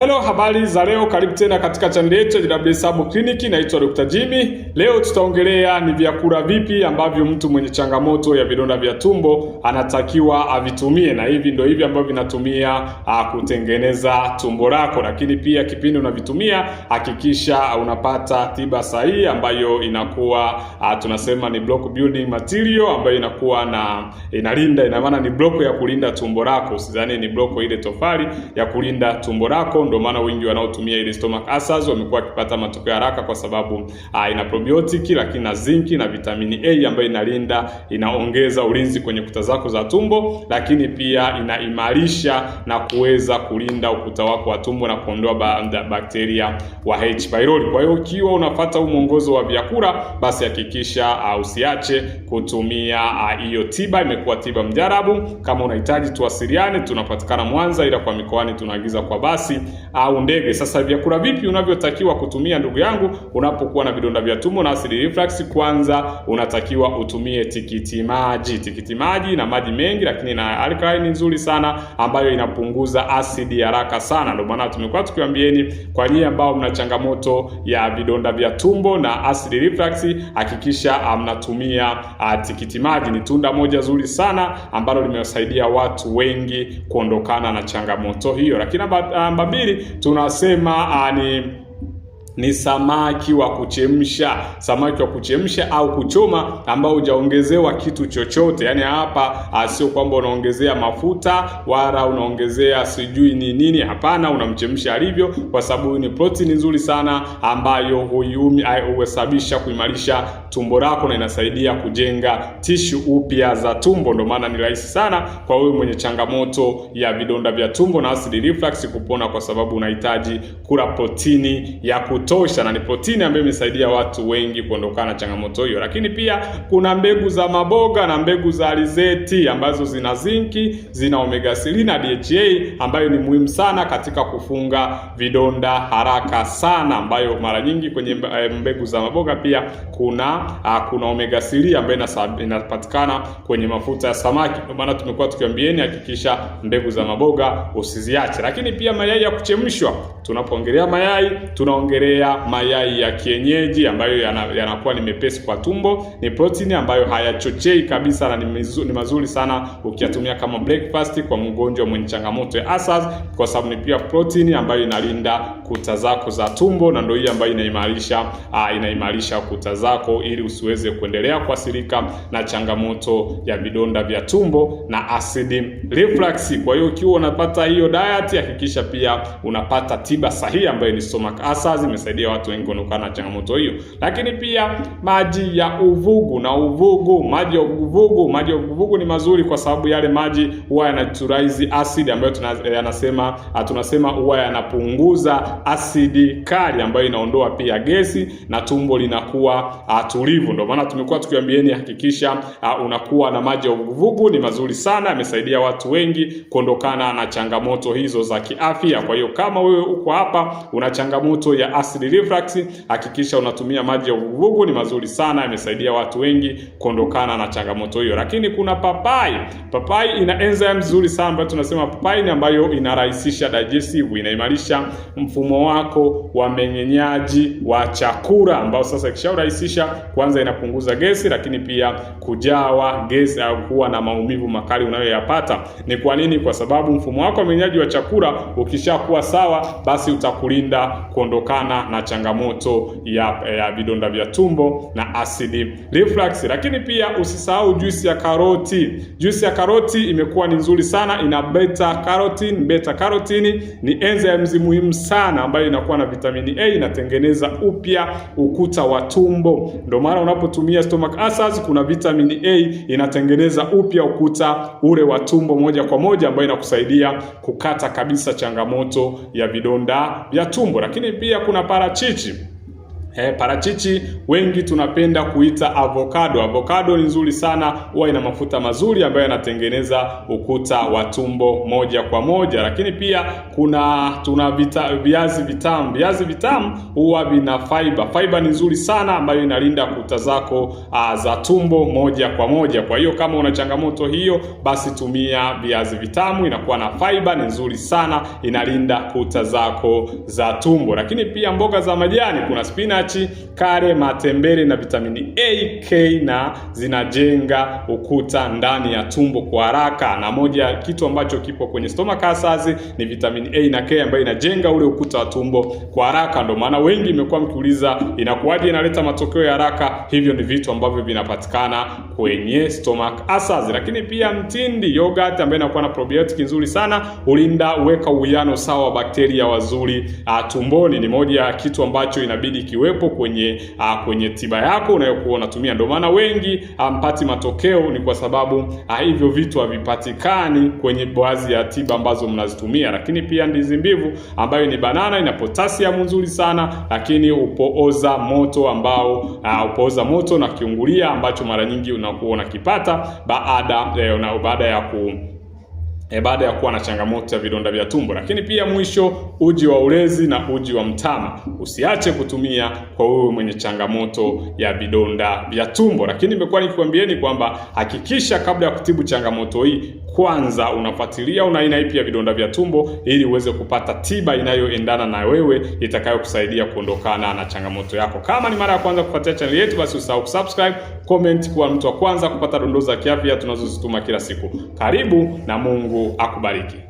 Hello, habari za leo, karibu tena katika chaneli yetu ya JW Sub Clinic. Naitwa Dr. Jimmy. Leo tutaongelea ni vyakula vipi ambavyo mtu mwenye changamoto ya vidonda vya tumbo anatakiwa avitumie, na hivi ndio hivi ambavyo vinatumia kutengeneza tumbo lako, lakini pia kipindi unavitumia hakikisha unapata tiba sahihi ambayo inakuwa a, tunasema ni block building material ambayo inakuwa na inalinda, ina maana ni block ya kulinda tumbo lako. Usidhani ni block ile tofali ya kulinda tumbo lako ndio maana wengi wanaotumia ile stomach acids wamekuwa wakipata matokeo haraka, kwa sababu uh, ina probiotic lakini na zinc na vitamini A ambayo inalinda, inaongeza ulinzi kwenye kuta zako za tumbo, lakini pia inaimarisha na kuweza kulinda ukuta wako wa tumbo na kuondoa ba bakteria wa H pylori. Kwa hiyo ukiwa unafata huu mwongozo wa vyakula, basi hakikisha uh, usiache kutumia ah, hiyo uh, tiba. Imekuwa tiba mjarabu. Kama unahitaji tuwasiliane, tunapatikana Mwanza, ila kwa mikoani tunaagiza kwa basi au ndege. Sasa vyakula vipi unavyotakiwa kutumia ndugu yangu unapokuwa na vidonda vya tumbo na acid reflux? Kwanza unatakiwa utumie tikiti maji, tikiti maji na maji mengi, lakini na alkaline nzuri sana ambayo inapunguza asidi haraka sana. Ndio maana tumekuwa tukiwaambieni kwa nyie ambao mna changamoto ya vidonda vya tumbo na acid reflux, hakikisha ah, mnatumia ah, tikiti maji. Ni tunda moja zuri sana ambalo limewasaidia watu wengi kuondokana na changamoto hiyo, lakini amba, ah, pili tunasema a, ah, ni ni samaki wa kuchemsha, samaki wa kuchemsha au kuchoma ambao hujaongezewa kitu chochote. Yani hapa ah, sio kwamba unaongezea mafuta wala unaongezea sijui ni nini, hapana, unamchemsha alivyo, kwa sababu ni protini nzuri sana ambayo huyumi ah, huhesabisha kuimarisha tumbo lako na inasaidia kujenga tishu upya za tumbo. Ndio maana ni rahisi sana kwa wewe mwenye changamoto ya vidonda vya tumbo na acid reflux kupona, kwa sababu unahitaji kula protini ya kutosha, na ni protini ambayo imesaidia watu wengi kuondokana na changamoto hiyo. Lakini pia kuna mbegu za maboga na mbegu za alizeti ambazo zina zinki, zina omega 3 na DHA ambayo ni muhimu sana katika kufunga vidonda haraka sana, ambayo mara nyingi kwenye eh, mbegu za maboga pia kuna uh, kuna omega 3 ambayo inapatikana kwenye mafuta ya samaki. Ndio maana tumekuwa tukiambieni hakikisha mbegu za maboga usiziache, lakini pia mayai ya kuchemshwa. Tunapoongelea mayai, tunaongelea mayai ya kienyeji ambayo yanakuwa yana ni mepesi kwa tumbo, ni protini ambayo hayachochei kabisa na ni, mizu, ni mazuri sana ukiyatumia kama breakfast kwa mgonjwa mwenye changamoto ya asas, kwa sababu ni pia protini ambayo inalinda kuta zako za tumbo, na ndio hii ambayo inaimarisha uh, inaimarisha kuta zako ili usiweze kuendelea kuathirika na changamoto ya vidonda vya tumbo na acid reflux. Kwa hiyo ukiwa unapata hiyo diet, hakikisha pia unapata tiba sahihi ambayo ni stomach acid, imesaidia watu wengi kuondokana na changamoto hiyo. Lakini pia maji ya uvugu na uvugu, maji ya uvugu, maji ya uvugu ni mazuri kwa sababu yale maji huwa yanaturaizi acid ambayo tunasema eh, ah, tunasema huwa yanapunguza asidi kali ambayo inaondoa pia gesi na tumbo linakuwa uh, tulivu. Ndio maana tumekuwa tukiambieni hakikisha uh, unakuwa na maji ya uvuguvugu, ni mazuri sana, yamesaidia watu wengi kuondokana na changamoto hizo za kiafya. Kwa hiyo kama wewe uko hapa una changamoto ya acid reflux, hakikisha unatumia maji ya uvuguvugu, ni mazuri sana, yamesaidia watu wengi kuondokana na changamoto hiyo. Lakini kuna papai. Papai ina enzyme nzuri sana ambayo tunasema papai ni ambayo inarahisisha digestive, inaimarisha mfumo mfumo wako wa meng'enyaji wa chakula, ambao sasa ikishaurahisisha, kwanza inapunguza gesi, lakini pia kujawa gesi au kuwa na maumivu makali unayoyapata. Ni kwa nini? Kwa sababu mfumo wako wa meng'enyaji wa chakula ukishakuwa sawa, basi utakulinda kuondokana na changamoto ya, ya vidonda vya tumbo na acid reflux. Lakini pia usisahau juisi ya karoti. Juisi ya karoti imekuwa ni nzuri sana, ina beta carotene. Beta carotene ni enzyme muhimu sana sana ambayo inakuwa na vitamini A inatengeneza upya ukuta wa tumbo. Ndio maana unapotumia stomach acids kuna vitamini A inatengeneza upya ukuta ule wa tumbo moja kwa moja, ambayo inakusaidia kukata kabisa changamoto ya vidonda vya tumbo. Lakini pia kuna parachichi He, eh, parachichi wengi tunapenda kuita avocado. Avocado ni nzuri sana, huwa ina mafuta mazuri ambayo yanatengeneza ukuta wa tumbo moja kwa moja, lakini pia kuna tuna vita, viazi vitamu. Viazi vitamu huwa vina fiber. Fiber ni nzuri sana ambayo inalinda kuta zako ah, za tumbo moja kwa moja. Kwa hiyo kama una changamoto hiyo, basi tumia viazi vitamu, inakuwa na fiber, ni nzuri sana, inalinda kuta zako za tumbo. Lakini pia mboga za majani, kuna spinach spinachi, kale, matembele na vitamini A, K na zinajenga ukuta ndani ya tumbo kwa haraka. Na moja ya kitu ambacho kipo kwenye stomach acids ni vitamini A na K ambayo inajenga ule ukuta wa tumbo kwa haraka. Ndio maana wengi imekuwa mkiuliza inakuwaje inaleta matokeo ya haraka. Hivyo ni vitu ambavyo vinapatikana kwenye stomach acids. Lakini pia mtindi, yogurt ambayo inakuwa na probiotic nzuri sana, ulinda uweka uwiano sawa wa bakteria wazuri ah, tumboni. Ni moja ya kitu ambacho inabidi kiwe kuwepo kwenye uh, kwenye tiba yako unayokuwa unatumia. Ndio maana wengi hampati ah, matokeo ni kwa sababu uh, hivyo vitu havipatikani kwenye baadhi ya tiba ambazo mnazitumia. Lakini pia ndizi mbivu ambayo ni banana ina potassium nzuri sana, lakini upooza moto ambao uh, upooza moto na kiungulia ambacho mara nyingi unakuwa unakipata baada eh, baada ya ku e, baada ya kuwa na changamoto ya vidonda vya tumbo. Lakini pia mwisho, uji wa ulezi na uji wa mtama usiache kutumia kwa wewe mwenye changamoto ya vidonda vya tumbo. Lakini nimekuwa nikikwambieni kwamba hakikisha kabla ya kutibu changamoto hii kwanza unafuatilia una aina ipi ya vidonda vya tumbo ili uweze kupata tiba inayoendana na wewe itakayokusaidia kuondokana na changamoto yako. Kama ni mara ya kwanza kufuatia chaneli yetu, basi usahau kusubscribe comment kuwa mtu wa kwanza kupata dondoo za kiafya tunazozituma kila siku. Karibu na Mungu akubariki.